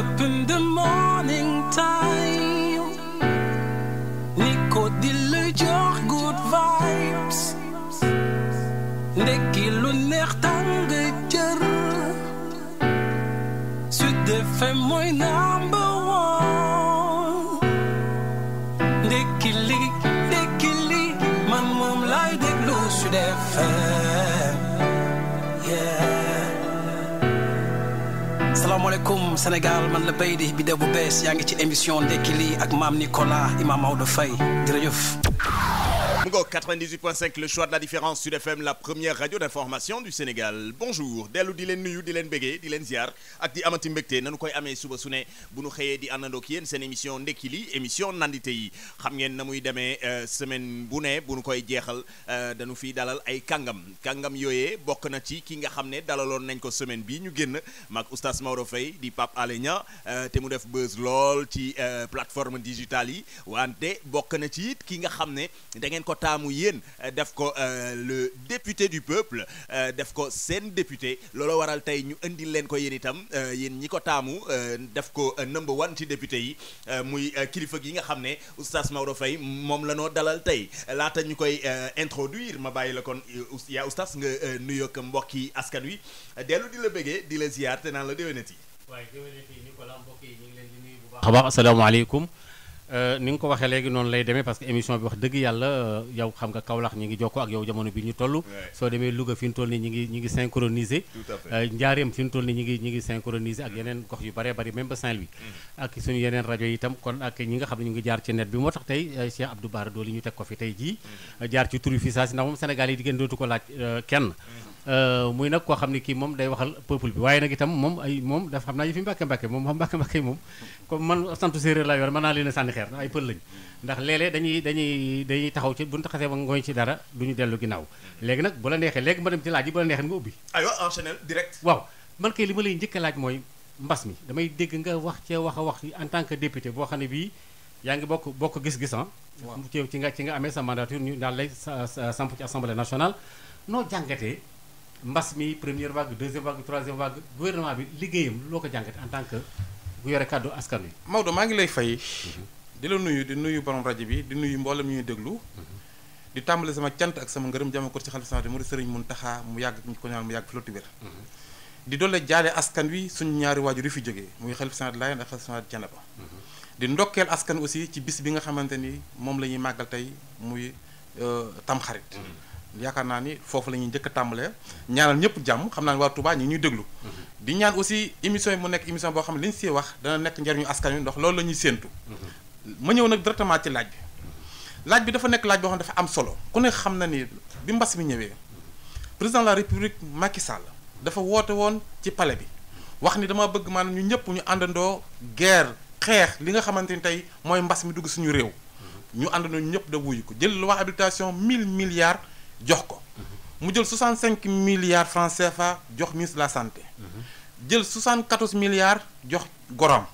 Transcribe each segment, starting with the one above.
up in the morning time. Nico dille jox good vibes. Ndekki lu neex tàng jër. Sud FM mooy naa. Sénégal man la bay di bi bu bees yaa ngi ci émission ndekki lii ak maam Nicolas Imam Maodo Faye jërëjëf mu ngoog 98.5 le choix de la différence Sud FM la première radio d'information du Sénégal bonjour dellu di leen nuyu di leen bëggee di leen ziar ak di amati mbégte nanu koy amee suba su ne bu nu xëyee di àndandook yéen seen émission ndekki li émission nandite yi xam ngeen na muy euh, semaine bu ne bu koy jeexal euh, dañu fiy dalal ay kàngam kàngam yooyee bokk na ci ki nga xam ne dalaloon nañ ko semaine bii ñu génn maag oustaz Maodo Faye di Pape Alé euh, te mu def buzz lool ci plateforme digitale yi wante bokk na ci it nga xam ne da taamu yéen eh, def ko eh, le député du peuple eh, def ko seen député looloo waral tey ñu indi leen ko yéen itam yéen ñi ko taamu def ko number one ci député yi muy kilifa gi nga xam ne oustaz Maodo Faye moom la noo dalal tey laata ñu koy introduire ma bàyyi la kon yaa oustaz nga nuyoog mbokki askan wi dellu di la bëggee di la ziyaar te naan la déwénati. waaye déwénati Nicolas mbokk yi ñu Euh, ni nga ko waxee léegi noonu lay demee parce que émission bi wax dëgg yàlla euh, yow xam nga Kaolack ñi ngi jokkoo ak yow jamono bi ñu toll soo demee Louga fi toll ni ñi ngi ñi ngi synchronisé euh, toll ni ñi ngi ñi ak yeneen gox yu bare bari même ba mm. ak suñu yeneen rajo itam kon ak ñi nga xam ne ñu ngi jaar ci net bi moo tax tey Cheikh Abdou Bara Dolly ñu teg ko fi tey jii mm. jaar ci turu fi saa si ndax moom Sénégal yi di ngeen dootu ko laaj Euh, muy nag koo xam ne kii moom day waxal peuple bi waaye nag itam moom ay moom dafa xam naa yëfi mbàkke mbàkke moom xam mbàkke mbàkke yi moom comme man santu séeréer laa yor mën naa leen a sànni xeer ay pël lañ ndax léeg-léeg dañuy dañuy taxaw ci buñu taxasee ba ngooñ ci dara duñu dellu ginnaaw léegi nag bu la neexee léegi ma dem ci laaj yi bu la neexee nga ubbi aywa enchaîner direct waaw man kay li ma lay njëkk a laaj mooy mbas mi damay dégg nga wax cee wax a wax en tant que député boo xam ne bii yaa bokk bokk gis-gisan ah. ci nga ci nga amee sa mandature ñu daal lay samp ci assemblée nationale noo jàngatee mbas mi première vague deuxième vague troisième vague gouvernement bi liggéeyam loo ko jàngat en tan que gu yore kàddu askan wi. Maodo maa ngi lay fay. Mhm. di la nuyu di nuyu borom rajo bi di nuyu mboolem ñuy déglu. Mhm. di tàmbale sama cant ak sama ngërëm jàmm ko ci xalifa sama murid Sëriñ Muntaxa mu yàgg ñu ko ñaan mu yàgg fi loolu wér mhm. di doole jaale askan wi suñu ñaari waajur fi jógee muy xalifa sama Laayeen ak xalifa sama Janaba di ndokkeel askan aussi ci bis bi nga xamante ni moom la ñuy màggal tey muy euh, tamxarit yaakaar naa ni foofu lañuy ñuy tàmbale ñaanal ñëpp jàmm xam naa ne waa Touba ñi ñuy déglu mhm. di ñaan aussi émission yi mu nekk émission boo xam ne li ñu siy wax dana nekk njariñu askan wi ndax loolu la ñuy mhm. ma ñëw nag directement ci laaj bi laaj bi dafa nekk laaj boo xam ne dafa am solo ku ne xam na ni bi mbas mi ñëwee président de la république Macky Sall dafa woote woon ci pale bi wax ni dama bëgg maanaam ñu ñëpp ñu àndandoo guerre xeex li nga xamante ni tey mooy mbas mi dugg suñu réew mhm. ñu àndandoo ñu ñëpp da wuyu ko jël loi habilitation 1000 milliards jox ko mu jël 65 milliards francs CFA jox ministre la santé jël 74 milliards jox gorom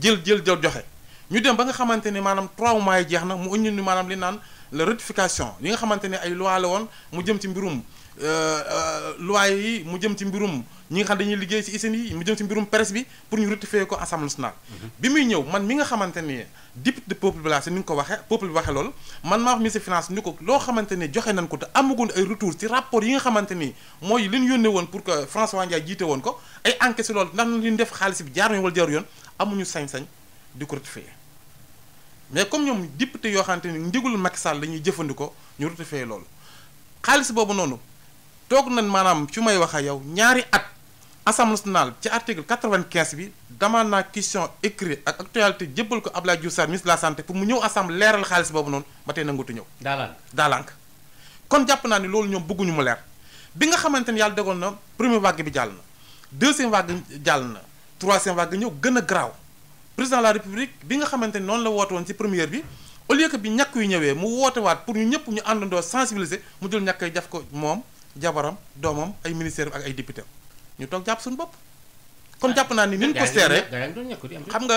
jël jël jël joxe ñu dem ba nga xamante ne maanaam 3 mois yi jeex na mu indi ni maanaam li naan la ratification li nga xamante ne ay loi la woon mu jëm ci mbirum euh, euh, loi yi mu jëm ci mbirum ñi nga xam dañuy liggéey ci usines yi mu jëm ci mbirum presse bi pour ñu rectifier ko assemblée nationale mhm. bi muy ñëw man mi nga xamante ni député peuple bi laa si ni nga ko waxe peuple bi waxe loolu man maa wax finance ni ko loo xamante ni joxe nañ ko te amaguñ ay retour ci rapport yi nga xamante ni mooy li ñu yónnee woon pour que François Ndiaye jiite woon ko ay enquête si loolu ndax li ñu def xaalis bi jaar nañ wala yoon amuñu sañ-sañ di ko rectifier mais comme ñoom député yoo xamante ni ndigalu Macky Sall la ñuy jëfandikoo ñu rectifier loolu xaalis boobu noonu toog nañ maanaam su may wax yow ñaari at assemblée nationale ci article quatre-vingt-quinze bi demande na question écrite ak actualité jébbal ko Abdoulaye Diouf Sarr ministre la santé pour mu ñëw assemblée leeral xaalis boobu noonu ba tey nangutu ñëw. daalank kon jàpp naa ni loolu ñoom bëgguñu mu leer bi nga xamante ni yàlla dogal na première vague bi jàll na deuxième vague jàll na troisième vague ñëw gën a garaaw président la république bi nga xamante ni noonu la woote woon ci première bi au lieu que bi ñàkk yu ñëwee mu woote waat pour ñu ñëpp ñu àndandoo sensibiliser mu jël ñàkk yi def ko moom jabaram doomam ay ministère ak ay député ñu toog jàpp suñu bopp. kon jàpp naa ni ni ñu ko seeree xam nga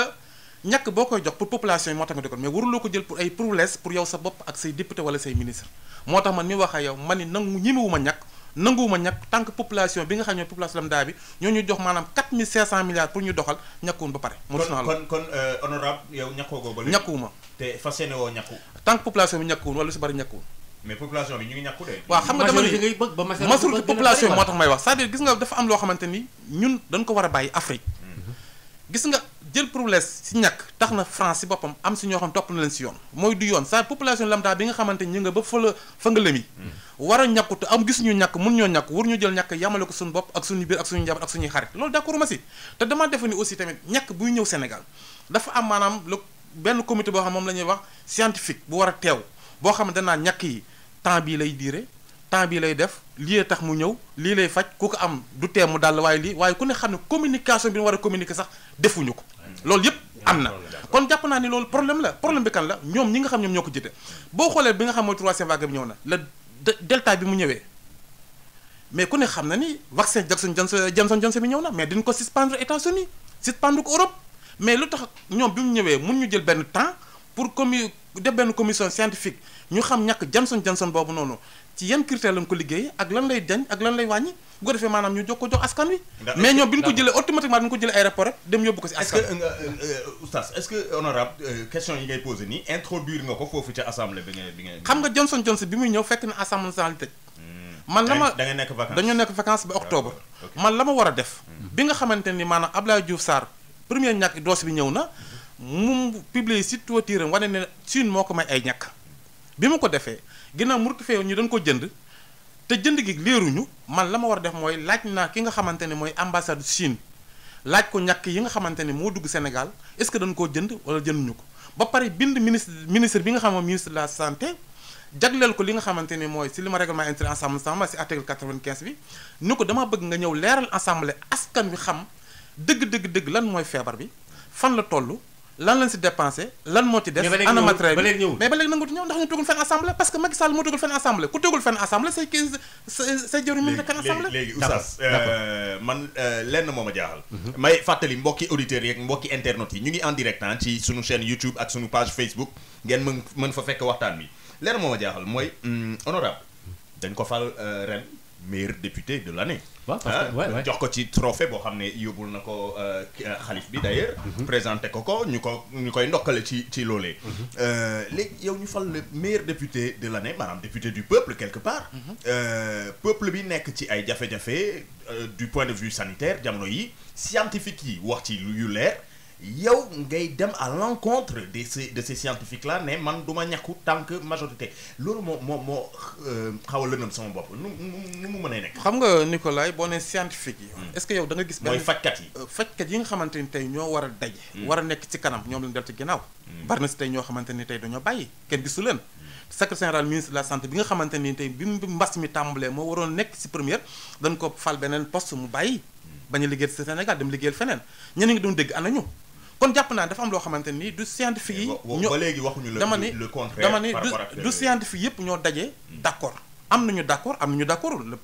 ñàkk boo koy jox pour population yi moo tax nga di ko mais waruloo ko jël pour ay problèmes pour yow sa bopp ak say député wala say ministre moo tax man mi wax ak yow man ni nangu ñemewuma ñàkk nanguwuma ñàkk tant que population bi nga xam ne population lambda bi ñoo ñu jox maanaam 4500 milliards pour ñu doxal ñàkkuwun ba pare. moo tax kon kon euh, honorable yow ñàkkoogoo ba léegi ñàkkuwuma te fas yéene woo ñàkku tant que population bi ñàkkuwun wala lu si bari ñàkkuwun mais population bi ñu ngi ñàkku de. waaw xam nga dama ne ngay bëgg ba masul ci population moo tax may gis nga dafa am loo xamante ni ñun dañ ko war a bàyyi Afrique. Mm-hmm. gis nga jël problème si ñàkk tax na France si boppam am si ñoo xam topp na leen si yoon mooy du yoon sa population lambda bi nga xamante ñu nga ba fa la fa mm-hmm. war a ñàkku te am gisuñu ñu ñàkk mun ñoo ñàkk war ñu jël ñàkk yamale ko suñu bopp ak suñu biir ak suñu njaboot ak suñuy xarit loolu d'accord ma si te dama defe ni aussi tamit ñàkk buy ñëw Sénégal dafa am maanaam le benn comité boo xam moom la ñuy wax scientifique bu war a teew boo xam ne ñàkk yi temps bii lay diire temps bii lay def lii tax mu ñëw lii lay faj ku ko am du tee mu dal waaye lii waaye ku ne xam ne communication bi mu war a communiquer sax defuñu ko loolu yëpp am na kon jàpp naa ni loolu problème la problème bi kan la ñoom ñi nga xam ñoom ñoo ko jite boo xoolee bi nga xam mooy troisième vague bi ñëw na la delta bi mu ñëwee mais ku ne xam na ni vaccin Johnson Johnson Johnson Johnson bi ñëw na mais dañ ko suspendre États-Unis suspendre ko Europe mais lu tax ñoom bi mu ñëwee mun ñu jël benn temps pour commu def benn commission scientifique ñu xam ñàkk Johnson Johnson boobu noonu ci yan critère lañ ko liggéey ak lan lay jañ ak lan lay wàññi bu defee maanaam ñu jox ko jox askan wi. mais ñoom bi ñu ko jëlee automatiquement bi ñu ko jëlee aéroport rek dem yóbbu ko si. askan euh, euh, euh, est-ce nga ko foofu ca assemblée bi ngay bi ngay. xam nga Johnson Johnson bi muy ñëw fekk na assemblée nationale tëj. Hmm. man la ma nekk vacance dañoo nekk vacance ba octobre. man la ma war a def. Hmm. bi nga xamante ni maanaam ab Abdoulaye Diouf saar premier ñàkk doos bi ñëw na mu publier si toiture am wane ne Chine moo ko may ay ñàkk bi mu ko defee ginnaaw mu fee ñu dañ ko jënd te jënd gi leeruñu man la ma war a def mooy laaj naa ki nga xamante ne mooy ambassade Chine laaj ko ñàkk yi nga xamante ne moo dugg Sénégal est-ce que dañ koo jënd wala jënduñu ko ba pare bind ministre ministre bi nga xam moom ministre la santé jagleel ko li nga xamante ni mooy si li ma règlement intérieur ensemble sama si article 95 bi ni ko dama bëgg nga ñëw leeral ensemble askan wi xam dëgg dëgg dëgg lan mooy feebar bi fan la toll lan lañ si dépensé lan moo ci des ana matériel bi mais ba léegi nangutu ñëw ndax ñu tugul fenn assemblée parce que Macky Sall moo tugul fenn assemblée ku tugul fenn assemblée say kii say jëru mi nekk assemblée léegi oustaz euh, man euh, lenn moom ma jaaxal may fàttali mbokki auditeurs yi ak mbokki internautes yi ñu ngi en direct ah, ci suñu chaîne YouTube ak suñu page Facebook ngeen mën mën fa fekk waxtaan bi lenn moo ma jaaxal mooy hmm, honorable dañ ko fal euh, ren meilleur député de l'année waaw parce que jox ko ci trophée boo xam ne yóbbul na ko euh, xalif bi d'ailleurs mhm. Mhm. présenté ko ko ñu ko ñu koy ndokkale ci ci loolee mhm. euh, léegi yow ñu fal le meilleur député de l'année maanaam député du peuple quelque part euh, peuple bi nekk ci ay jafe-jafe du point de vue sanitaire jamono yi scientifique yi wax ci yu leer yow ngay dem à l'encontre de ces de ces scientifiques là ne man du ma ñàkku tant que majorité loolu moo moo moo euh, xaw a lëndëm sama bopp nu nu mu mënee nekk. xam nga Nicolas boo nee scientifique yi. Hmm. est-ce que yow da nga gis. mooy fajkat yi euh, fajkat yi nga xamante ni tey ñoo war a daje. Hmm. war a nekk ci kanam ñoom lañ del ci ginnaaw. Hmm. bari si tey ñoo xamante ni tey dañoo bàyyi kenn gisu leen. secrétaire général ministre de la santé bi nga xamante ni tey bi mbas mi tàmbalee moo waroon nekk si première dañ ko fal beneen poste mu bàyyi. bañ a liggéeyal si Sénégal dem liggéeyal feneen ñeneen ngi doon dégg ana ñu kon jàpp naa dafa am loo xamante nii du scientifique yi. Eh, ñoo ba léegi waxuñu la dama ni dama ni du scientifique yëpp ñoo daje hmm. accord. am nañu d' accord am nañu d' accord le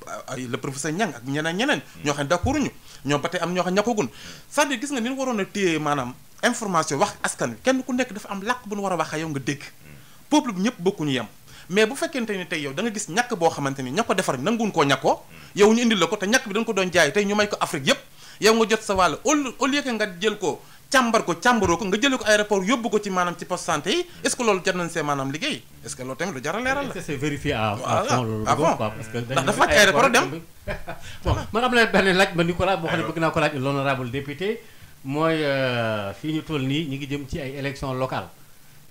le professeur Niang ak ñeneen ñeneen. Hmm. ñoo xam ne d' ñu ñoom ba tey am ñoo xam ne ñàkkagun hmm. c'est-à-dire gis nga ni ñu waroon a téye maanaam information wax askan kenn ku nekk dafa am làkk bu ñu war a waxee yow nga dégg. peuple bi ñëpp bokkuñu yem. mais bu fekkente ni tey yow da nga gis ñàkk boo xamante ni ña ko defar nanguwuñ koo ñàkkoo. yow ñu indil la ko te ñàkk bi dañ ko doon jaay tey ñu may ko Afrique yëpp yow nga jot sa wàll au lieu nga jël ko càmbar ko càmbaroo ko nga jële ko aéroport yóbbu ko ci maanaam ci poste santé yi est-ce que loolu jar nañ see maanaam liggéey est-ce que loolu jar a leeral la. est-ce que c'est dem bon man am na benn laaj ma Nicolas boo xam ne bëgg naa ko laaj l'honorable député mooy euh, fii ñu toll nii ñu ngi jëm ci ay élections local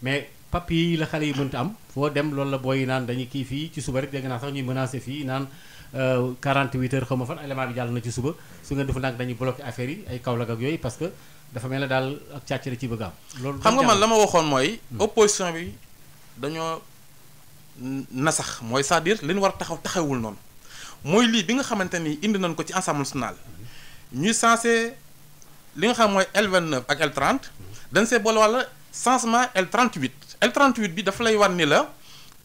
mais papier yi la xale yi mënta am foo dem loolu la booy naan dañuy kii fii ci suba rek dégg naa sax ñuy menacer fii naan 48 euh, heures xaw fan élément bi na ci su ngeen deful nag dañuy bloquer affaire yi yooyu parce que dafa mel ne daal ak càcc ci bëgg loolu xam nga man la ma waxoon mooy. Hmm. opposition bi dañoo nasax mooy c'est-à-dire war a taxaw taxawul noonu mooy lii bi nga xamante ni indi nañ ko ci Assemblée nationale hmm. ñuy censé li nga xam mooy L29 ak L30 hmm. dañ see boole wàlla changement L38 L38 bi dafa lay war ni la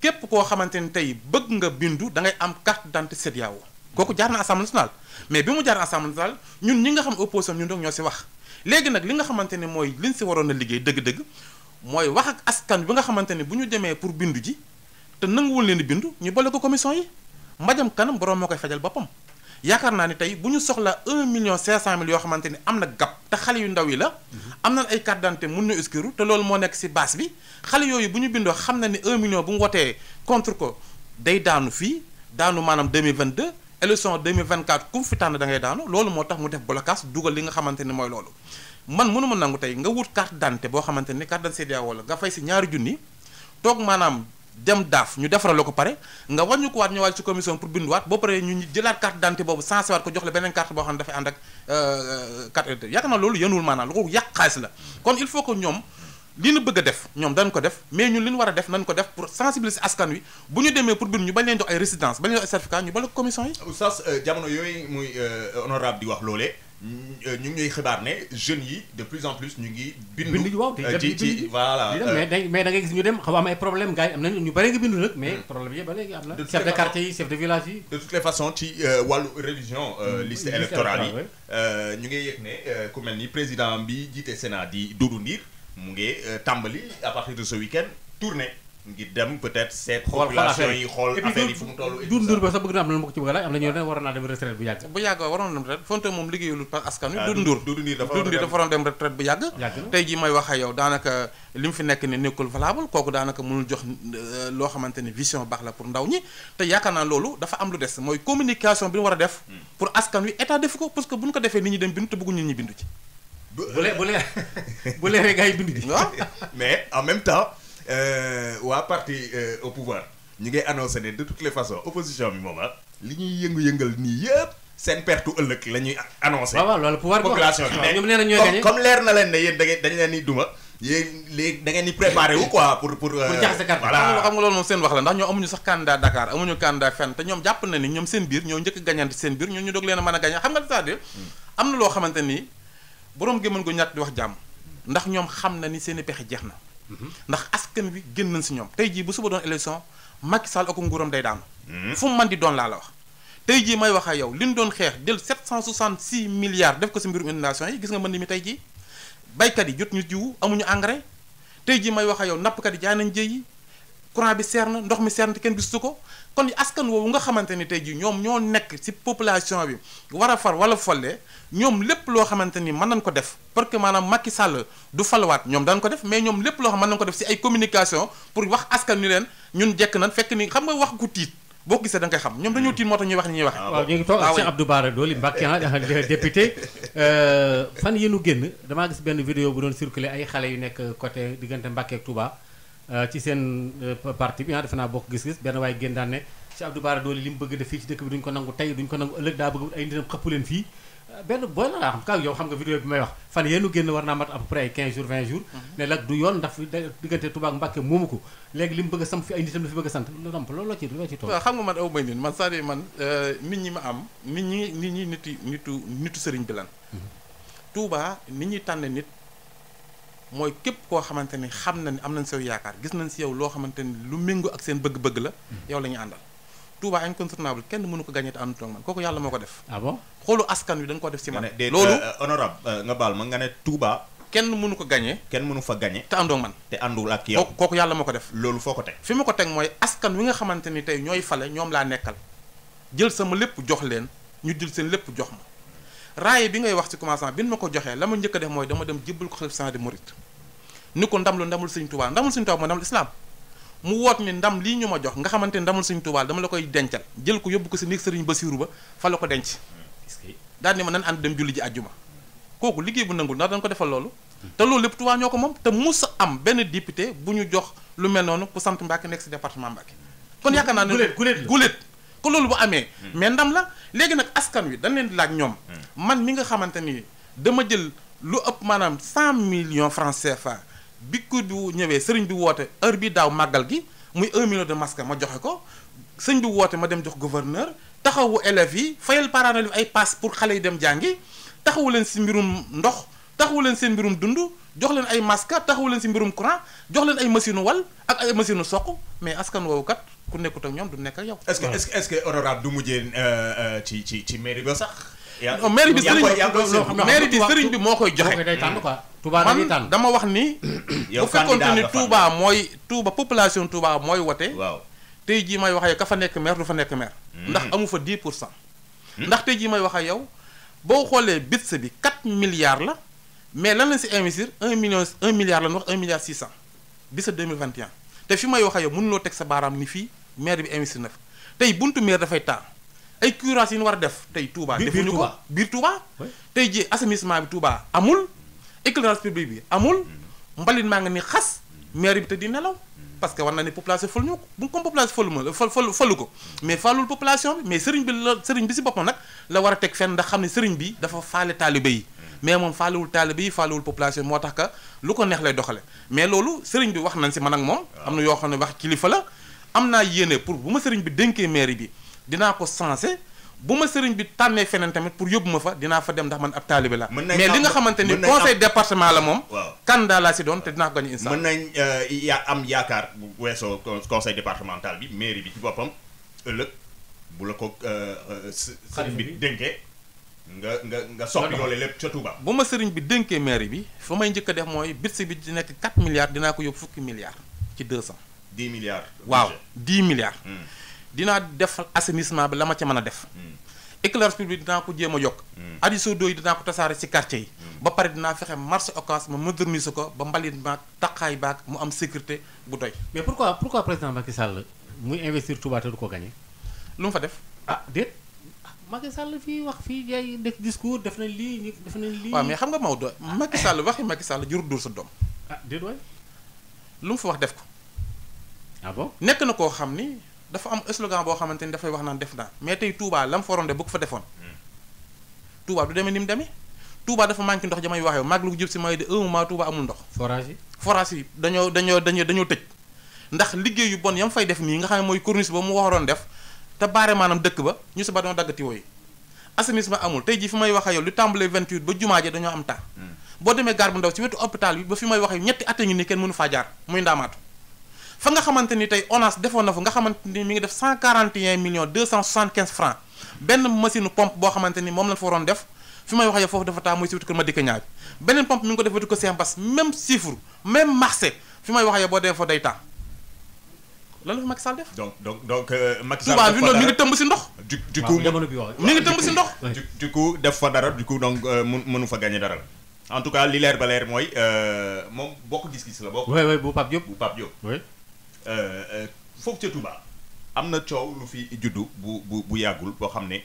képp koo xamante ni tey bëgg nga bindu da ngay am carte d'identité CEDEAO kooku jaar na Assemblée nationale mais bi mu jaar Assemblée nationale ñun ñi nga xam opposition ñun donc ñoo si wax. léegi nag li nga xamante ne mooy liñ si waroon a liggéey dëgg-dëgg mooy wax ak askan bi nga xamante ne bu ñu demee pour bindu ji te nanguwul leen bindu ñu boole ko commission yi mbajam kanam borom moo koy fajal boppam yaakaar naa ni tey bu ñu soxla un million cinq cent mille yoo xamante ni am na gap te xale yu ndaw yi la mhm. am na ay carte d'identité mun na uskiru te loolu moo nekk si base bi xale yooyu bu ñu bindoo xam na ni un million bu mu wotee contre ko day daanu fii daanu maanaam 2022 moo tax mu def blocage dugal li nga xamante ni mooy loolu man mënuma nangu tey nga wut carte d'identité boo xamante ne carte d'identité CEDEAO la nga fay si ñaari junni toog maanaam dem daaf ñu defaral la ko pare nga wàññi ko waat ñëwaat ci commission pour binduwaat boo paree ñu jëlaat carte d'identité boobu sensé waat ko jox la beneen carte boo xam ne dafay ànd ak euh, loolu yenuwul maanaam lu ko yàq xaalis la kon il faut que ñoom li ñu bëgg def ñoom dañ ko def mais ñun li ñu war a def nañ ko def pour sensibiliser askan wi bu ñu demee pour bind ñu bañ leen jox ay résidence bañ leen jox ay certificat ñu bala ko euh, Euh, ñu ngi ñuy xibaar ne jeunes yi de plus en plus ñu ngi. bindu bindu waaw euh, ci ci voilà. Euh, mais mais da ngay gis ñu dem xaw am ay problème gars yi am nañu ñu bëri nga bindu nag. mais hmm. problème yi ba léegi am na. chef de quartier yi chef de village yi. de toutes les façons ci wàllu révision. Hmm, liste électorale yi ñu ngi yëg ne ku mel ni président bi jiite sena di Doudou Ndir mu ngi tàmbali à partir de ce week tournée. ngir dem sax bëgg na am na ko ci bëgg laaj am na ñoo ne war naa dem retraite bu yàgg bu yàgg waaw waroon na dem retraite bu yàgg tey jii may wax ak daanaka li mu fi nekk ni nekkul valable kooku daanaka mënul jox euh, loo xamante ne vision baax la pour ndaw ñi te yaakaar naa loolu dafa am lu des mooy communication bi ñu war a def hmm. pour askan wi état def ko parce que bu ñu ko defee nit ñi dem bindu te bëgguñu ñi bindu ci bu lee bu lee Euh, waa parti euh, au pouvoir ñu ngay annoncé ne de toutes les façons opposition bi moom ah, li ñuy yëngu-yëngal nii yëpp seen pertu ëllëg la ñuy annoncé. waaw waaw loolu pouvoir population bi ñoom nee na ñooy gagné comme leer na leen ne yéen da dañ leen di duma. yéen léegi da ngeen préparé wu quoi pour pour. Euh, pour jaxase carte voilà xam nga loolu moom seen wax la ndax ñoom amuñu sax candidat Dakar amuñu candidat fenn te ñoom jàpp na ni ñoom seen biir ñoo njëkk a gañante seen biir ñoo ñu doog leen a mën a gañe xam nga cest à am na loo xamante ni borom gi mën ko ñàkk di wax jàmm ndax ñoom xam na ni seen i pexe jeex na ndax askan bi génn nañ si ñoom tey jii bu suba doon élection Macky Sall ak nguuram day daanu. Hmm. fu mu mën di doon laa la wax. tey jii may wax ak yow li ñu doon xeex jël 766 milliards def ko si mbirum inondation yi gis nga mën ni mi tey jii baykat yi jot ñu jiw amuñu engrais tey jii may wax ak yow nappkat yi jaay nañ jëy yi courant bi seer na ndox mi seer na te kenn gisu ko kon askan woowu nga xamante ni tey jii ñoom ñoo nekk ci population bi war a far wala folle ñoom lépp loo xamante ni mën nañ ko def parce que maanaam makki Sall du falwaat ñoom daan ko def mais ñoom lépp loo xam mën nañ ko def si ay communication pour wax askan ni leen ñun jekk nañ fekk ni xam nga wax ku tiit boo ko gisee da nga koy xam ñoom dañoo tiit moo tax ñuy wax ni ñuy waxee. waaw ñu ngi toog ah ak Cheikh Abdou Bara Dolly Mbacké ah, député euh, fan yi nu damaa gis benn vidéo bu doon circulé ay xale yu nekk côté diggante Mbacké ak Euh, ci seen euh, parti bi ah defe naa bokk gis-gis benn waaye génn daan ne ci Abdou Bara Dolly li mu bëgg def fii ci dëkk bi duñ ko nangu tey duñ ko nangu ëllëg daa bëgg ay ndinam xëpp leen fii euh, benn booy la laa xam nga vidéo bi may wax fan yéenu génn war naa mat à peu près ay 15 jours 20 jours mhm. ne du yoon ndax diggante Touba ak moomu ko léegi li mu bëgg a samp fi ay nitam la fi bëgg a sant lu loolu la ci loolu la ci xam nga man aw nit ma mhm. tànn nit mooy képp koo xamante ni xam na ni am nañ sew yaakaar gis nañ si yow loo xamante ni lu méngoo ak seen bëgg-bëgg la hmm. yow la ñu àndal Touba incontournable kenn mënu ko gagné te àndu kooku yàlla ko def ah bon xoolu askan wi dañ ko def si man loolu euh, honorable euh, nga baal ma nga ne Touba kenn mënu ko gañe kenn mënu fa gagné te àndoo man te àndul ak yow kooku yàlla moo ko def loolu foo ko teg fi ma ko teg mooy askan wi nga xamante ni tey ñooy fale ñoom laa nekkal jël sama lépp jox leen ñu jël seen lépp jox ma raaye bi ngay wax ci commencement bi ma ko joxee la ma njëkk a def mooy dama dem jébbal ko xalif sant di murit ni ko ndam lu ndamul sëñ Tuubaa ndamul sëñ Tuubaa mooy ndamul nga xamante ndamul sëñ Tuubaa dama la koy dencal jël ko yóbbu ko si néeg sëriñ Basiiru ba fa la ko denc daal ni ma nan ànd dem julli ji kooku liggéey bu nangul ndax dañ ko defal loolu te loolu lépp Tuubaa ñoo ko moom te mus a am benn député bu ñu jox lu mel noonu ku sant Mbàkke nekk si département Mbàkke kon yaakaar naa ne guléet guléet ku loolu bu amee. Hmm. mais ndam la léegi nag askan wi dañ leen di laaj ñoom. Hmm. man mi nga xamante ni dama jël lu ëpp maanaam cent millions franc CFA bi ku bi ñëwee sëriñ bi woote heure bi daaw màggal gi muy un million de masques ma joxe ko sëñ bi woote ma dem jox gouverneur taxawu élèves yi fayal parents d'élèves ay pass pour xale yi dem jàngi taxawu leen si mbirum ndox. taxawu leen seen mbirum dund jox leen ay masques taxawu leen si mbirum courant jox leen ay machine wal ak ay machine soq mais askan woowu kat ku nekkut ak ñoom du nekk ak yow. est-ce que est du mujjee euh, euh, ci ci ci mairie ba sax. yaa mairie bi sëriñ bi mairie bi sëriñ bi moo koy joxe. Touba man dama wax ni. yow bu fekkoonte ni Touba mooy Touba population Touba mooy wote. waaw tey jii may wax ak yow ka fa nekk maire du fa nekk maire. Hmm. ndax amu fa 10 pour cent. Hmm. ndax tey jii may wax a yow boo xoolee bits bi 4 milliards la mais lan na si investir 1 million un milliard la ñu wax 1 milliard 600 bis 2021 te fi may wax ak yow mënuloo teg sa baaraam ni fii. maire bi investir na fa tey buntu maire dafay taa ay curage yi nu war a def tey Touba. defuñu ko biir Touba. tey ji assainissement bi Touba amul éclairage public bi amul mbalit maa nga ni xas maire bi te di nelaw parce que war na ne population fël ñu ko bu ñu ko population fëlu ma fël fëlu ko mais fàllul population bi mais sëriñ bi bi si boppam nag la war a teg xam ne sëriñ bi dafa faale taalibe mais moom faalewul taalibe yi faalewul population moo tax ka lu ko neex lay doxale mais loolu sëriñ bi wax nañ si man ak moom am na yoo xam ne wax kilifa la am naa yéene pour bu ma sëriñ bi dénkee mairie bi dinaa ko sensé bu ma sëriñ bi tànnee feneen tamit pour yóbbu ma fa dinaa fa dem ndax man ab taalibe la mais li nga xamante ni conseil département la moom candidat laa si doon te dinaa ko gañe instant mën nañ euh, yaa am yaakaar bu weesoo conseil départemental bi mairie bi boppam ëllëg bu la ko euh, euh, sëriñ bi dénkee nga nga nga soppi loole lépp ca Touba. bu ma sëriñ bi dénkee mairie bi fa may njëkk def mooy bits bi di nekk 4 milliards dinaa ko yóbbu fukki milliards ci 200. dix milliards. waaw dix milliards. Hmm. dinaa defal assainissement bi la ma ca mën a def. Hmm. éclairage public dinaa ko jéem a yokk. Hmm. addition d'eau yi dinaa ko tasaare ci quartier yi. ba pare dinaa fexe marché Ocass ma moderniser ko ba mbalit maag taqaay baak mu am sécurité bu doy. mais pourquoi pourquoi président Macky Sall muy investir Touba te du ko gagné. lu mu fa def. ah déet ah, Macky Sall fii wax fii yaay def discours def na lii def na lii. waaw mais xam nga Maodo Macky Sall waxi Macky Sall jur dur sa doom. ah fa wax def ko. ah bon nekk na koo xam ni dafa am slogan boo xamante ni dafay wax naan def naa mais tey Touba la mu fa ronde bu ko fa defoon. Hmm. Touba du demee ni mu demee. Touba dafa manqué ndox jamay waxee mag lu jub si may de un mois Touba amul ndox. forage yi dañoo dañoo dañoo dañoo tëj. ndax liggéey yu bon yam fay def nii nga xam ne mooy corniche ba mu waxoon def te baare maanaam dëkk ba ñu si ba dañoo dagg tiwo yi assainissement amul tey jii fi may waxee yow lu tàmbalee 28 ba jumaa ji dañoo am temps. Hmm. boo demee gar bu waxee ñetti at a kenn mënu faa jaar fa nga xamante ni tey ONAS defoon na fa nga xamante ni mi ngi def cent quarante et un millions deux cent soixante quinze francs benn machine pompe boo xamante ni moom lañ fa waroon def fi may waxee foofu dafa taa muy si wetu kër ma dikk ñaar beneen pompe mi ngi ko def wetu ko Cheikh Mbass même chiffre même marché fi may waxee boo dee fa day taa. lan la fa Macky Sall def. donc donc donc euh, Macky Sall. Touba mi ngi tëmb si ndox. du du coup mi ngi tëmb si ndox. du coup def fa dara du coup donc euh, mënu fa gagné dara la en tout cas li leer ba mooy euh, moom bokk gis-gis la bokk. oui oui bu Pape Euh, euh, foofu ca Touba am na coow lu fi juddu bu bu bu yàggul boo xam ne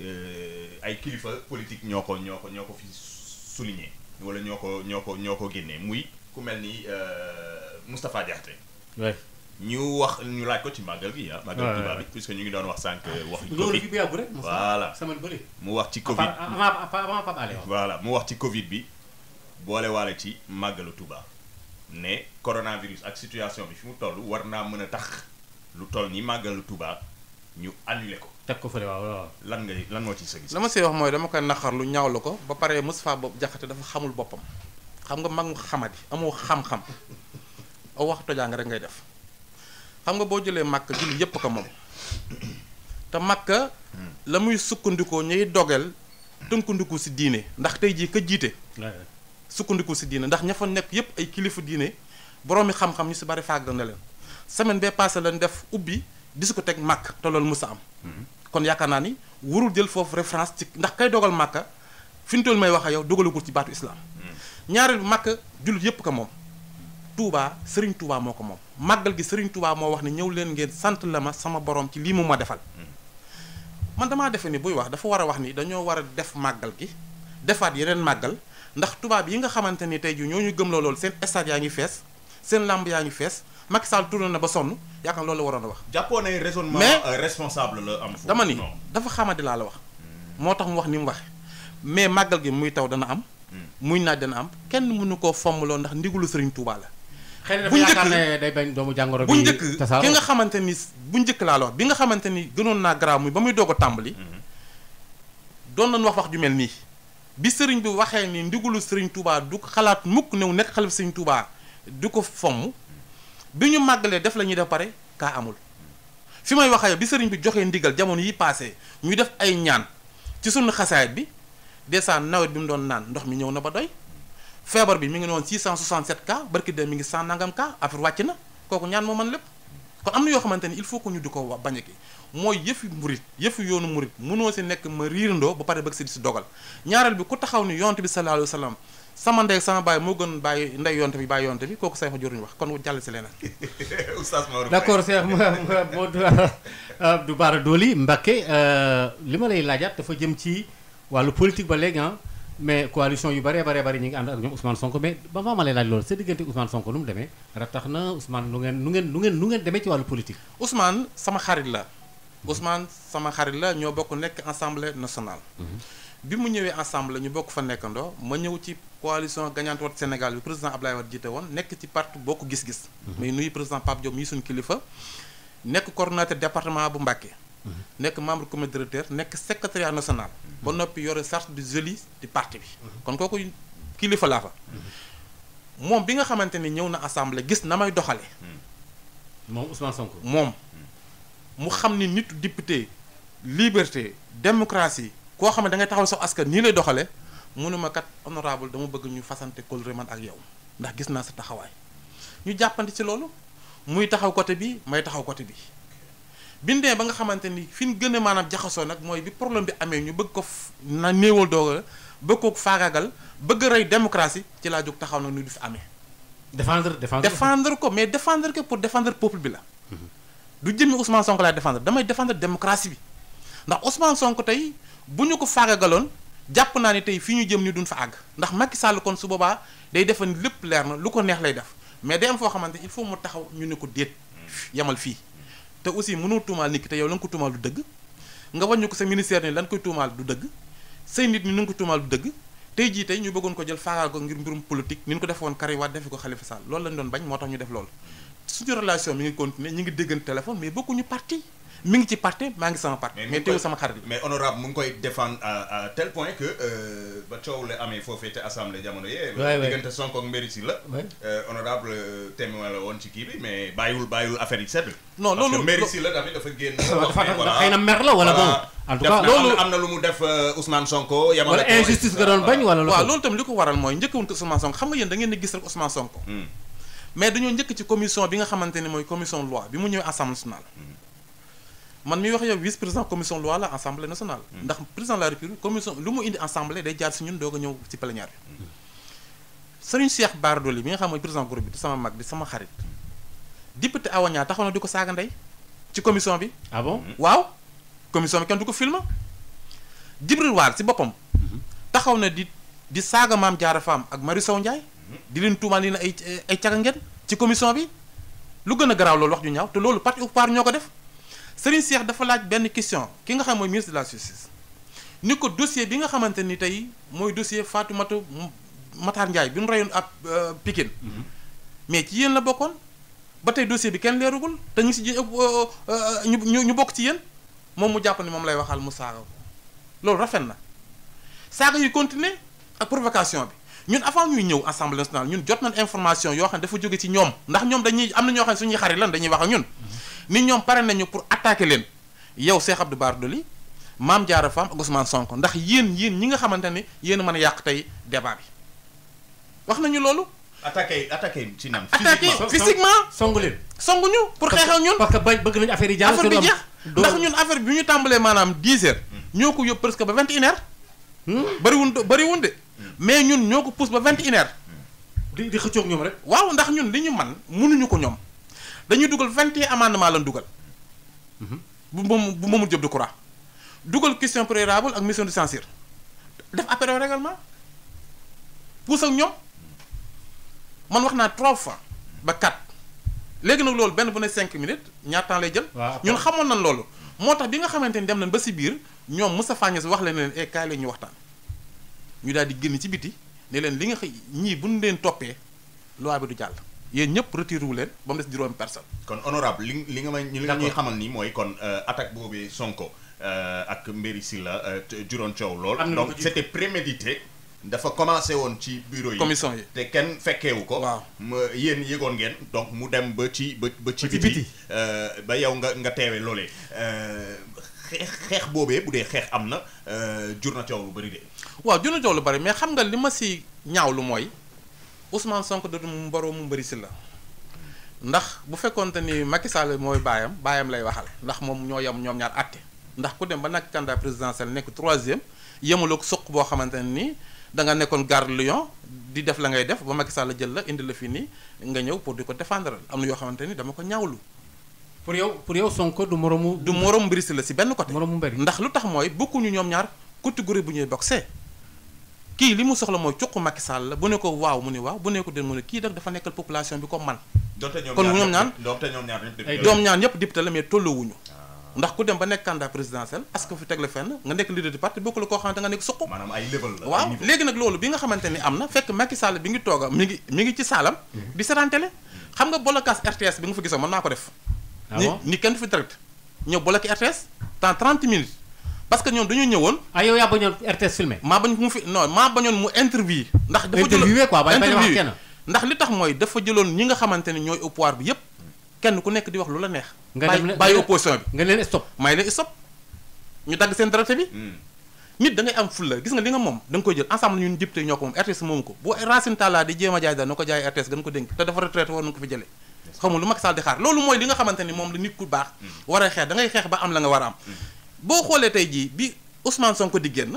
euh, ay kilifa politique ñoo ko ñoo ko ñoo ko fi souligné wala ñoo ko ñoo ko ñoo ko génnee muy ku mel ni Moustapha Diakhaté ñu wax ñu laaj ko ci màggal gi ah. màggal Touba bi puisque ñu ngi doon wax sànq ah, wax. loolu fi bu yàggu rek. voilà mu wax ci Covid. voilà mu wax ci Covid bi boolewaale ci màggalu tubaa ne coronavirus ak situation bi fi mu toll war naa mën a tax lu toll màggal lu Tuubaa ñu annulé ko. teg ko fële waaw lan ngay lan moo ci sa gis. la ma see wax mooy dama koy naqar lu ñaaw la ko ba pare Moustapha Bob Diakhaté dafa xamul boppam xam nga mag mu xamadi amoo xam-xam aw wax tojaa nga rek ngay def xam nga boo jëlee màkk julli yépp ko moom te màkka hmm. la muy sukkandikoo ñuy dogeel tënkandikoo si diine ndax tey jii ka jiite. sukkandiku si diine ndax ña fa nekk yépp ay kilifa diine boroomi xam-xam ñu si bari fàgg na leen semaine bee passé lañ def ubbi discothèque màkk te loolu sa am mhm. kon yaakaar naa ni warul jël foofu référence ci ndax kay dogal màkka fi ñu toll may wax a yow dogalagul ci baatu islam mhm. ñaareel màkk jullit yépp ko moom Touba sëriñ Touba moo ko moom màggal gi Serigne Touba moo wax ne ñëw leen ngeen sant la ma sama borom ci lii mu ma defal mhm. man dama defe ni buy wax dafa war a wax ni dañoo war a def màggal gi defaat yeneen màggal ndax tubaab yi nga xamante ni tey jii ñooñu gëm la loolu seen stade yaa ngi fees seen làmb yaa ngi fees Macky Sall tourné na ba sonn yaakaar loolu la waroon a wax. jàppoo ne raisonnement euh, responsable la am. dama ni dafa xamante laa la wax. moo tax mu wax ni mu wax mais màggal gi muy taw dana am. Hmm. muy naaj dana am kenn mënu koo fommloo ndax ndigulu Serigne Touba la. bu njëkk xëy day bañ doomu jàngoro bi bu njëkk ki nga xamante ni bu njëkk laa la wax bi nga xamante ni gënoon naa garaaw muy ba muy doog tàmbali. Hmm. doon nañu wax wax ju mel nii bi sëriñ bi waxee ni ndigulu sëriñ tubaa du xalaat mukk new nekk xalif sëriñ Touba du ko fomm bi ñu màggalee def la ñuy def pare kaa amul fi may waxee bi sëriñ bi joxee ndigal jamono yi passé ñuy def ay ñaan ci sunu xasaayit bi desaan nawet bi mu doon naan ndox mi ñëw na ba doy feebar bi mi ngi noon 667 cas barki de mi ngi 100 nangam cas affaire wàcc na kooku ñaan moo man lépp kon am na yoo xamante ni il faut que ñu di ko bañ a mooy yëfu murit yëfu yoonu murit mënoo si nekk ma riirandoo ba pare ba si di si dogal ñaareel bi ku taxaw ni yonte bi sallallahu alayhi wa sama ndey sama baay moo gën bàyyi ndey yonte bi bàyyi yonte bi kooku say fa joruñu wax kon jàll si leneen. oustaz Maodo d'accord Cheikh Modou ah, ah, Abdou Bara Dolly Mbacké euh, li ma lay laajaat dafa jëm ci wàllu politique ba léegi ah mais coalition yu bëree baree bëri ñu ngi ànd ak ñoom Ousmane Sonko mais ba ma ma laaj loolu sa diggante Ousmane Sonko nu mu demee ratax na Ousmane nu ngeen nu ngeen nu ngeen demee ci wàllu politique Ousmane sama xarit la Ousmane sama xarit la ñoo bokk nekk assemblée national mhm. bi mu ñëwee assemblée ñu bokk fa nekkandoo ma ñëw ci coalition gagnante Wattu Sénégal bi président Ablaye Wade jiite woon nekk ci parti bokk gis-gis. muy mhm. nuyu président Pape Diop mii suñu kilifa. nekk coordonnateur département bu Mbacké. Mhm. nekk membre comme directeur nekk secrétariat national. ba noppi yore charte du joli di parti bi. kon kooku kilifa laa fa. moom bi nga xamante ni ñëw na assemblée gis na may doxale moom. mu xam ni nitu député liberté démocratie koo xam ne da ngay taxaw sax askan nii lay doxale mënu ma kat honorable dama bëgg ñu fasante kóllëre man ak yow ndax gis naa sa taxawaay ñu jàppante ci loolu muy taxaw côté bii may taxaw côté bii bindee ba nga xamante ni fi ñu gën a maanaam jaxasoo nag mooy bi problème bi amee ñu bëgg ko na néewal dooga bëgg ko faagaagal bëgg rey démocratie ci laa jóg taxaw nag ñu du fi amee. défendre défendre ko mais défendre ko pour défendre peuple bi la. du jëmmi Ousmane Sonko laay défendre damay défendre démocratie bi ndax Ousmane Sonko tey bu ñu ko faagagaloon jàpp naa ne tey fi ñu jëm ni duñ fa àgg ndax Macky Sall kon su boobaa day defan lépp leer na lu ko neex lay def mais day am foo xamante il faut mu taxaw ñu ne ko déet yamal fii te aussi mënoo tuumaal nit ki te yow la nga ko tuumaal du dëgg nga wàññi ko sa ministère ni lan koy tuumaal du dëgg say nit ni nu nga ko tuumaal du dëgg tey jii tey ñu bëggoon ko jël faagaal ko ngir mbirum ñu ko defoon suñu relation mi ngi continuer ñu ngi déggante téléphone mais bokkuñu parti mi ngi ci parti maa ngi sama parti. mais teewu sama xarit mais honorable mu ngi koy défendre à tel point que euh, ba coow la amee foofee te assemblée jamono yee. waay waay diggante Sonko ak Mbéri si la. Euh, honorable euh, témoin la woon ci kii bi mais bàyyiwul bàyyiwul affaire yi sedd. non loolu parce que Mbéri si la tamit dafa génn. dafa xëy na mer la wala bon. en tout cas loolu am na lu mu def Ousmane Sonko. yamale wala injustice nga doon bañ wala. waaw loolu itam li ko waral mooy njëkkawul ko Ousmane Sonko xam nga yéen da ngeen di gis rek Ousmane Sonko. Hmm. mais ñoo njëkk ci commission bi nga xamante ne mooy commission loi bi mu ñëwee assemblée nationale. Mm. man mi wax yow vice président commission loi la assemblée nationale. Mm. ndax président de la république commission lu mu indi assemblée day jaar si ñun doog a ñëw ci plénière bi. Mm. Serigne Cheikh Bara Dolly bi nga xam mooy président groupe bi di sama mag di sama xarit. député Awaña taxaw na di ko saaga ndey ci commission bi. ah waaw commission bi du ko filma Djibril War si boppam. Mm-hmm. taxaw na di di saaga maam Diarra Fam ak Marie Sow Ndiaye. di leen tuumaal yi ne ay eh, ay ngeen ci commission bi lu gën a garaaw loolu wax ju ñaaw te loolu parti au pouvoir ñoo ko def Serigne Cheikh dafa laaj benn question ki nga xam mooy ministre de la justice ni ko dossier bi nga xamante ni tey mooy faatu matu Matar Ndiaye bi nu reyoon ab euh, Pikine mhm. mais ci yéen la bokkoon ba tey dossier bi kenn leerugul te ñu si euh, euh, ñu ñu bokk ci yéen moom mu jàpp ni moom lay waxal mu saaga loolu rafet na saaga yu continuer ak provocation bi ñun avant ñuy ñëw assemblée nationale ñun jot nañ information yoo xam ne dafa jóge ci ñoom ndax ñoom dañuy am na ñoo xam ne suñuy xarit lan dañuy wax ak ñun mhm. ni ñoom pare nañu pour attaquer leen yow Cheikh Abdou Bara Dolly Mame Diarra Fam ak Ousmane Sonko ndax yéen yéen ñi nga xamante ne yéen mën yàq tey débat bi wax nañu loolu. attaqué attaqué ci nam physiquement physiquement songu leen songu ñu pour xeexal ñun parce que bañ bëgg nañu affaire yi jaar affaire bi jeex ndax ñun affaire bi ñu tàmbalee maanaam 10 heures mhm. ñoo ko yóbbu presque ba 21 heures hmm? bëriwun de mais ñun ñoo ko pousse ba vingt et une di di ñoom rek. waaw ndax ñun li ñu man mënuñu ko ñoom dañuy dugal vingt et un amendement lan dugal. Mhm. bu moom bu moomul jëm de courant dugal question préalable ak mission de censure def appel au règlement pousse ak ñoom man wax naa trois fois ba quatre léegi nag loolu benn bu ne cinq minutes ñaar temps lay jël. ñun xamoon nañ loolu. moo tax bi nga xamante ni dem nañ ba si biir ñoom Moustapha Niasse wax leen ne eh kaay la ñu waxtaan. ñu daal di génn ci biti ne leen li nga xëy ñii bu ñu leen toppee loi bi du jàll. yéen ñëpp retiré wu leen ba mu des juróomi personne kon honorable li li nga may li nga ñuy xamal ni mooy kon euh, attaque boobe Sonko euh, ak Mbéri Sylla euh, juróom coow lool. donc c'était prémédité. dafa commencé woon ci bureau yi commission yi te kenn fekkeewu ko. waaw yéen yëgoon ngeen. donc mu dem ba ci ba ba ci biti ba yow nga nga teewe loole xeex xeex boobee bu dee xeex am na euh, jur na coow lu bëri de. waaw jur na coow lu bëri mais xam nga li ma si ñaaw lu mooy Ousmane Sonko dootu mu mbaroo mu mbëri si la ndax bu fekkonte ni Macky Sall mooy baayam baayam lay waxal ndax moom ñoo yam ñoom ñaar àtte ndax ku dem ba nag candidat présidentiel nekk troisième yemaloo ko suq boo xamante ne nii danga nekkoon garde di def la ngay def ba Macky Sall jël la indi la fi nii nga ñëw pour di ko défendre am na yoo xamante ni dama ko ñaawlu. pour yow pour yow Sonko du moromu. du moromu Mbirist la si benn côté. moromu mbir ndax lu tax mooy bokkuñu ñoom ñaar catégorie bu ñuy boxe kii li mu soxla mooy cuq waaw mu ne waaw bu ne ko den mu bi comme man. a ñoom ñaan doom ñaan yëpp député la mais tolluwuñu ah. ndax ku dem ba nekk candidat présidentiel parce que fi teg la fenn nga nekk leader du parti bokku la bi nga xamante ni na fekk Macky ngi tooga ngi ci saalam mhm. di seetaan mhm. xam nga bolokaas RTS bi nga fa gisoon mën naa ko def ah ni ni kenn du fi direct ñëw bloqué RTS dans 30 minutes parce que ñoom dañoo ñëwoon. ah yow yaa bañoon RTS filmé. maa bañ mu fi non maa bañoon mu interview. ndax dafa jëloon quoi ndax li tax mooy dafa jëloon ñi nga xamante ne ñooy au pouvoir bi yépp kenn ku nekk di wax lu la neex. nga dem bàyyi opposition bi may leen stop ñu dagg seen direct bi. Hmm. nit da am fulla gis nga li nga moom da koy jël ensemble ñun député ñoo ko moom RTS moomu ko boo a jaay daal na ko jaay RTS gën ko te dafa retraité woon na ko fi xamul lu mag Sall di xaar loolu mooy li nga xamante ni moom la nit ku baax war a xeex da ngay xeex ba am la nga war a am boo xoolee tey jii bi Ousmane Sonko di génn